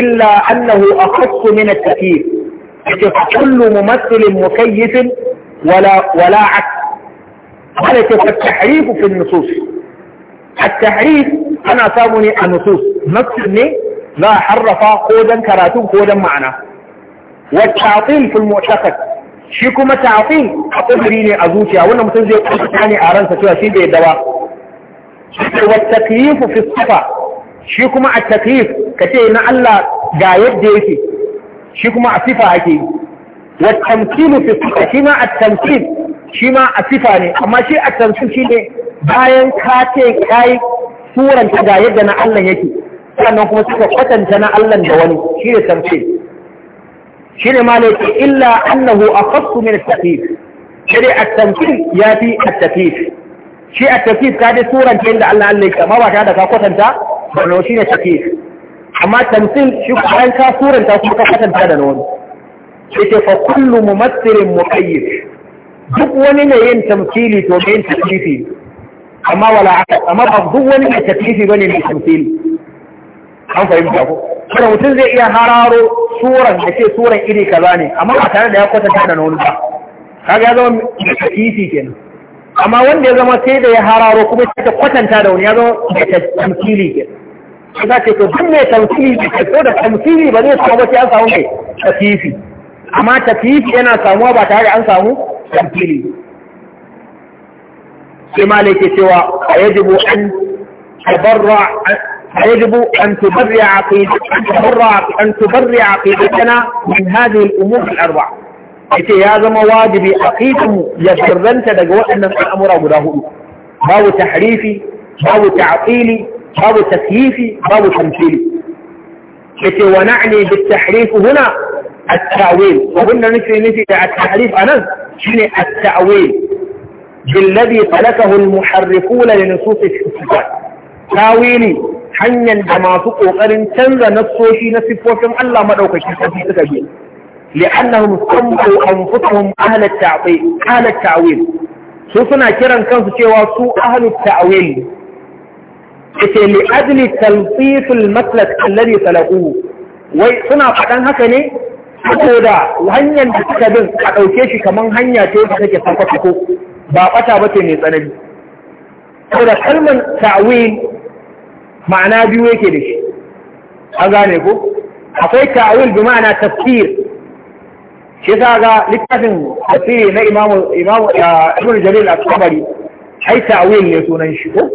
A: إلا أنه أخص من التكييف كل ممثل مكيف ولا عكس على التحريف في النصوص التحريف أنا سامني النصوص نصني لا حرف قودا كراتون قودا معنا والتعطيل في المعتقد shi kuma ta'afi a kudiri ne a zuciya wannan mutum zai kusa ne a ransa cewa shi bai dawa wa taklifu fi safa shi kuma a kace na Allah ga yadda yake shi kuma a sifa ake yi والتمكين في الصفة شما التمكين شما الصفة أما شيء التمكين شيء باين كاتي كاي سورة كذا يدنا الله يكي sannan kuma suka kwatanta na Allah da wani shi ne tamce shi ne ma laifi illa annahu akhassu min at-taqif shi ne at-tamkir yafi at-taqif shi at-taqif ka dai suran Allah Allah yake amma ba da ka kwatanta ba shi ne taqif amma an ka suranta kuma kwatanta da wani yake fa kullu mumassirin muqayyid duk wani ne yin tamthili to mai yin taklifi amma wala amma ba duk wani mai taklifi bane mai tamthili an fahimta ko kada mutum zai iya hararo suran da ce suran iri kaza ne amma ba tare da ya kwatanta da wani ba kaga ya zama mai taklifi kenan amma wanda ya zama sai da ya hararo kuma sai ta kwatanta da wani ya zama mai tamthili kenan sai za ce to duk mai tamthili da ko da tamthili ba zai samu ba sai an samu mai taklifi amma taklif yana samuwa ba tare da an samu tamfili sai malai ke cewa a yajibu an tabarra فيجب أن تبرع عقيدتنا أن تبرع عقيدتنا من هذه الأمور الأربعة ita ya zama wajibi a kitinmu ya sirranta daga waɗannan al'amura guda hudu babu tahrifi babu ta'aqili babu tasyifi babu tamthili yace wa na'ni bit tahrif huna التأويل وقلنا نفي نفي التحريف أنا شنو التأويل بالذي سلكه المحرفون لنصوص الصفات تاويلي hanyar da masu ƙoƙarin canza nassoshi na siffofin Allah maɗaukaki sarki suka bi li'annahum sammu anfusuhum ahlat ta'wil ahlat su suna kiran kansu cewa su ahlut ta'wil yace li ajli talfif al maslak wai suna faɗan haka ne saboda hanyar da suka bin a ɗauke shi kamar hanya ce da take sako ba ɓata ba ce mai tsanani saboda kalmar ta'wil ma'ana biyu yake da shi an gane ko akwai ta'wil bi ma'ana tafsir shi ta ga littafin tafsiri na imamu imamu ibn jalil al-tabari ai ta'wil ne sunan shi ko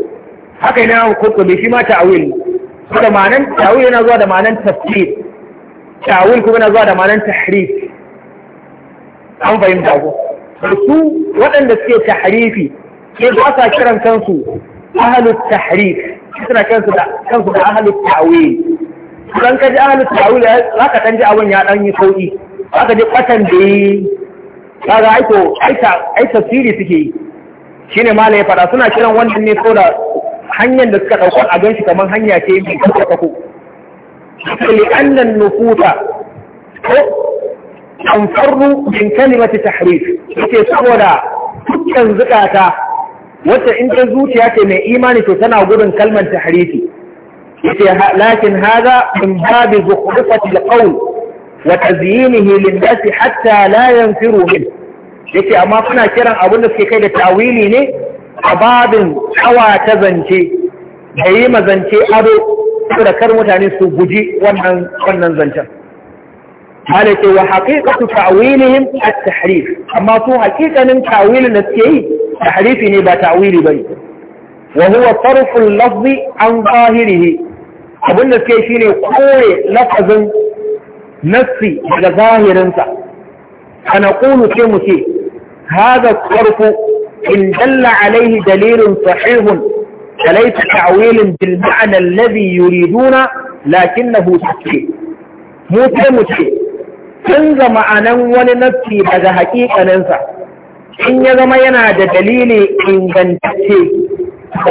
A: haka ne an kurkume shi ma ta'wil saboda ma'anan ta'wil yana zuwa da ma'anan tafsir Ta'awul kuma na zuwa da ma'anar tahrif an fahimta ko su waɗanda suke tahrifi ke ba sa kiran kansu ahalut tahrif suna kansu da kansu da ahalut ta'awil dan ka ji ahalut ta'awil za ka tanji abin ya dan yi sauki za ka ji kwatan da yi ka aiko ai tafsiri suke yi shine malai fara suna kiran wannan ne saboda hanyar da suka ɗauka a gan shi kamar hanya ce mai kakko لأن النفوس تنفر من كلمة تحريف yake saboda dukkan zukata wacce in ta zuciya ce mai imani to tana gudun kalmar tahrifi yake lakin haza min babi zukhrufati alqawl wa tazyinihi lin-nas hatta la yanfiru min yake amma kuna kiran abin da suke kai da tawili ne a babin hawa ta zance da yi zance ado saboda kar mutane su guji wannan wannan zancen ce wa haqiqatu ta'wilihim at-tahrif amma su haqiqanin ta'wilin da suke yi tahrifi ne ba ta'wili bane wa huwa sarfu al-lafzi an zahirihi abin da suke shi ne kore lafazin nassi daga zahirinsa ana kulu ce mu ce hada sarfu in dalla alaihi dalilun sahihun فليس تعويل بالمعنى الذي يريدون لكنه تفسير mu kai mu ce canza ma'anan wani nafi daga hakikaninsa in ya zama yana da dalili ingantacce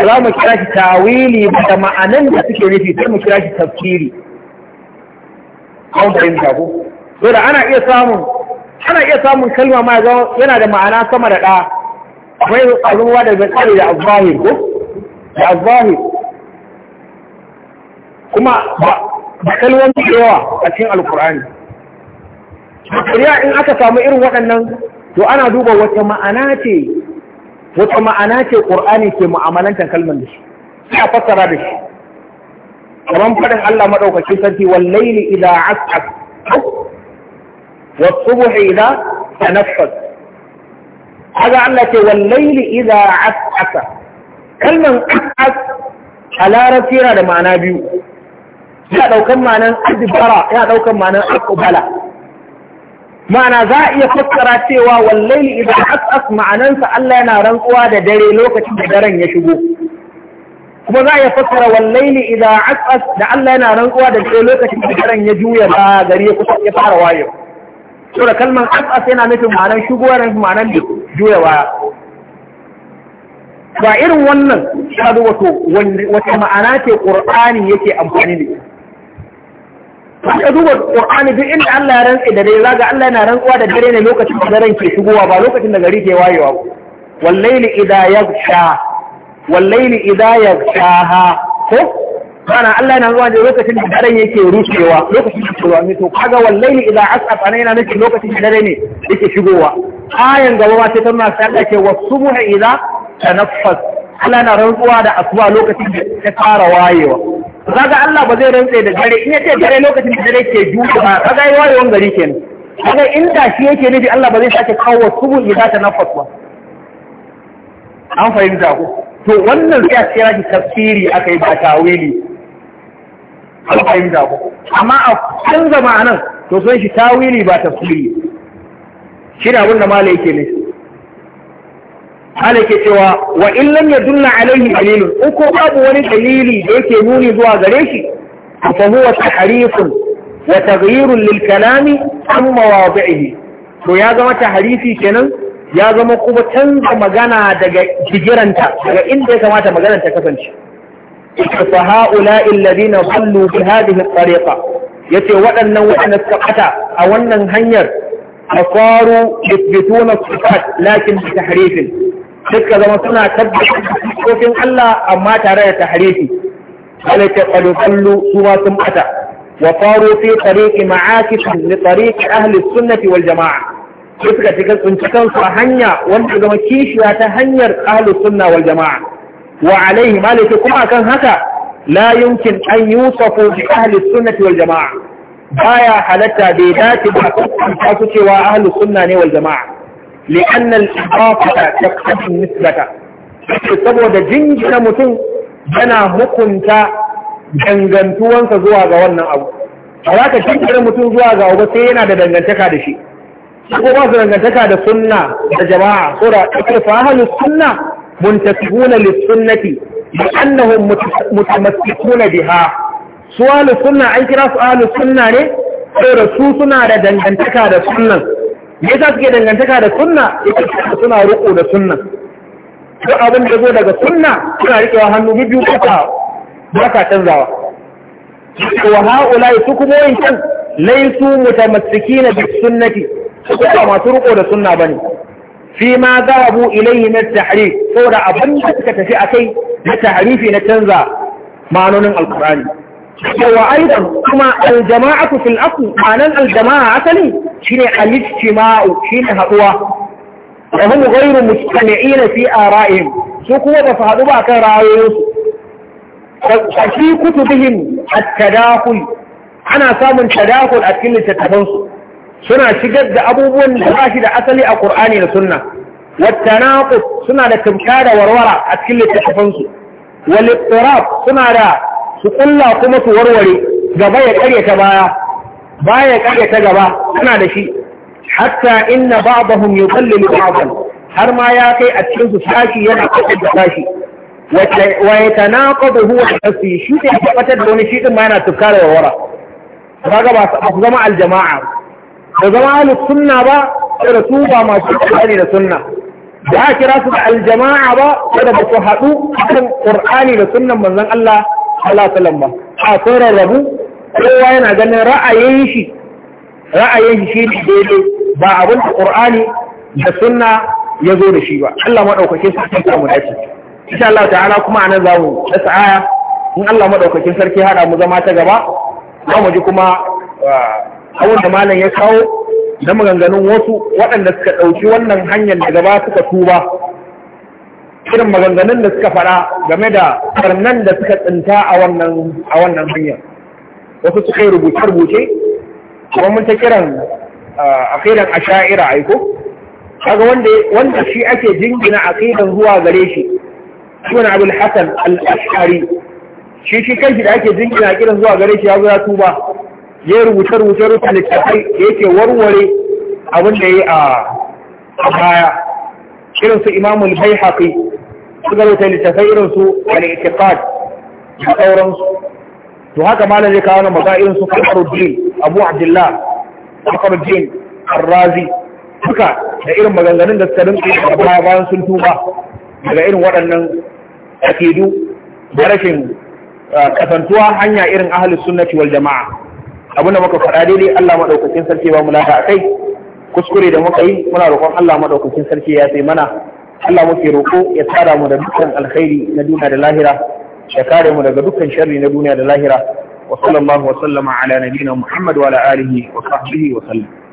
A: za mu kira shi tawili daga ma'anan da suke nufi sai mu kira shi tafsiri an fahimta ko so da ana iya samun ana iya samun kalma ma yana da ma'ana sama da ɗa akwai ruwa da tsari da abu ko da zahir kuma da kalwan yawa a cikin alkur'ani shari'a in aka samu irin waɗannan to ana duba wata ma'ana ce wata ma'ana ce qur'ani ke mu'amalantar kalmar da shi sai a fassara da shi kamar faɗin Allah maɗaukaki sarki wallaili idza as'as wa subhi idza tanaffas kaga Allah ce wallaili idza as'asa kalman as a larabci yana da ma'ana biyu yana ɗaukan ma'anan adibara yana ɗaukan ma'anan akubala ma'ana za a iya fassara cewa wallaili idan asas ma'anansa Allah yana rantsuwa da dare lokacin da daren ya shigo kuma za a iya fassara wallaili idan asas da Allah yana rantsuwa da dare lokacin da daren ya juya ba gari ya kusa ya fara wayo saboda kalmar asas yana nufin ma'anan shigo yana nufin ma'anan juya waya. ba irin wannan ya zo wato wata ma'ana ce ƙur'ani yake amfani da ita ka duba ƙur'ani duk inda Allah ya rantsa da dare zaga Allah yana rantsuwa da dare ne lokacin da daren ke shigowa ba lokacin da gari ke wayewa wallaili idza yaghsha wallaili idza yaghsha ko kana Allah yana zuwa da lokacin da daren yake rushewa lokacin da ruwa ne to kaga wallaili idza asaf ana yana nake lokacin da dare ne yake shigowa ayan gaba ma sai ta nuna sai Allah ce was subha tanaffas Allah na rantsuwa da asuwa lokacin da ta fara wayewa kaga Allah ba zai rantsa da dare in yace dare lokacin da dare ke juya ba kaga yi wayewan gari kenan kaga inda shi yake nufi Allah ba zai sake kawo subu ta tanaffas ba an fahimta ko to wannan sai a kira shi tafsiri aka yi ba tawili an fahimta ko amma a cikin ma'anan to sai shi tawili ba tafsiri shi da wannan malai yake ne Allah ke cewa wa in lam yadulla alaihi dalilun uku babu wani dalili da yake nuni zuwa gare shi fa huwa tahrifun wa taghyirun lil kalami an mawadi'ihi to ya zama tahrifi kenan ya zama kuma canza magana daga jigiranta daga inda ya kamata magana ta kasance fa haula alladhina sallu bi hadhihi at-tariqa yace waɗannan waɗanda suka ɓata a wannan hanyar asaru yuthbituna sifat lakin bi tahrifin suka zama suna tabbatar da Allah amma tare da tahrifi alaka qalu su ma sun bata wa faru fi tariqi ma'akif li tariqi ahli sunnati wal jama'a suka shiga tsinci kansu a hanya wanda zama kishiya ta hanyar ahli sunna wal jama'a wa alaihi malaki kuma akan haka la yumkin an yusafu bi ahli sunnati wal jama'a baya halatta bai dace ba a cewa ahli sunna ne wal jama'a لأن الإضافة تقتضي النسبة saboda jingina mutum yana hukunta dangantuwansa zuwa ga wannan abu a za ka jingina mutum zuwa ga sai yana da dangantaka da shi ko ba dangantaka da sunna da jama'a ko da ake fahalu sunna muntasibuna lis-sunnati li'annahum mutamassikuna biha su ahlus sunna an kira su ahlus sunna ne saboda su suna da dangantaka da sunnan me yasa suke dangantaka da sunna yake suna ruku da sunna ko abin da zo daga sunna suna rikewa hannu biyu kuka ba ka canzawa wa haula su kuma wayan laisu mutamassikina bis sunnati su ba masu riko da sunna bane fi ma zabu ilayhi min tahrif saboda abin da suka tafi akai na tahrifi na canza ma'anonin alqur'ani yawa aidan kuma aljama'atu fil aku anan aljama'a asali shine al-ijtima'u shine haduwa wa hum ghayru mustami'ina fi ara'ihim su kuma ba haɗu ba kan ra'ayoyinsu fi kutubihim at-tadakhul ana samun tadakhul a cikin littattafansu suna shigar da abubuwan da ba shi da asali a Qur'ani da Sunna والتناقض suna da tamka da warwara a cikin littattafansu wal suna da su kulla kuma su warware gaba ya karya ta baya baya ya karya ta gaba ana da shi hatta inna ba'dahum yuqallilu ba'dan har ma ya kai a cikin su sashi yana kasar da sashi wa yatanaqadu huwa nafsi shi ne ya fatar da wani shi din ma yana tukare wa wara kaga ba su zama aljama'a da zama ahlus sunna ba da su ba masu tsari da sunna ba kira su da aljama'a ba da ba su haɗu kan Qur'ani da sunnan manzon Allah Allah ba a kun rarrabu kowa yana ganin ra'ayin shi ra'ayin shi ne daidai ba abin da ƙur'ani da sunna ya zo da shi ba Allah madaukakin sarki ya mu dace insha Allah ta'ala kuma anan za mu dasa aya in Allah maɗaukakin sarki hada mu zama ta gaba za mu ji kuma ah, abin da malam ya kawo na maganganun wasu waɗanda suka ɗauki wannan hanyar da gaba suka tuba irin maganganun da suka fara game da karnan da suka tsinta a wannan hanyar wasu suka yi rubuce-rubuce kuma mun ta kiran a a sha'ira aiko kaga wanda wanda shi ake jingina aqidan zuwa gare shi sunan abul hasan al-ash'ari shi shi kanshi da ake jingina aqidan zuwa gare shi ya zo ya tuba ya rubuce-rubuce rubuta littattafai yake warware abin da ya yi a baya irin su imamul bai haƙi suka rubuta littafai irin su al-i'tiqad da sauransu to haka malam zai kawo maza irin su Abu Abdullah Fakhruddin Ar-Razi duka da irin maganganun da suka rinke da baya bayan sun tuba daga irin waɗannan akidu da rashin uh, kasantuwa hanya irin ahalin sunnati wal jama'a abin da muka faɗa daidai Allah madaukakin sarki ba mu lada akai kuskure da muka yi muna roƙon Allah maɗaukakin sarki ya sai mana Allah muke roƙo ya tsara mu da dukkan alkhairi na duniya da lahira ya kare mu daga dukkan sharri na duniya
B: da lahira wa sallallahu wa sallama ala nabiyina Muhammad wa ala alihi wa sahbihi wa sallam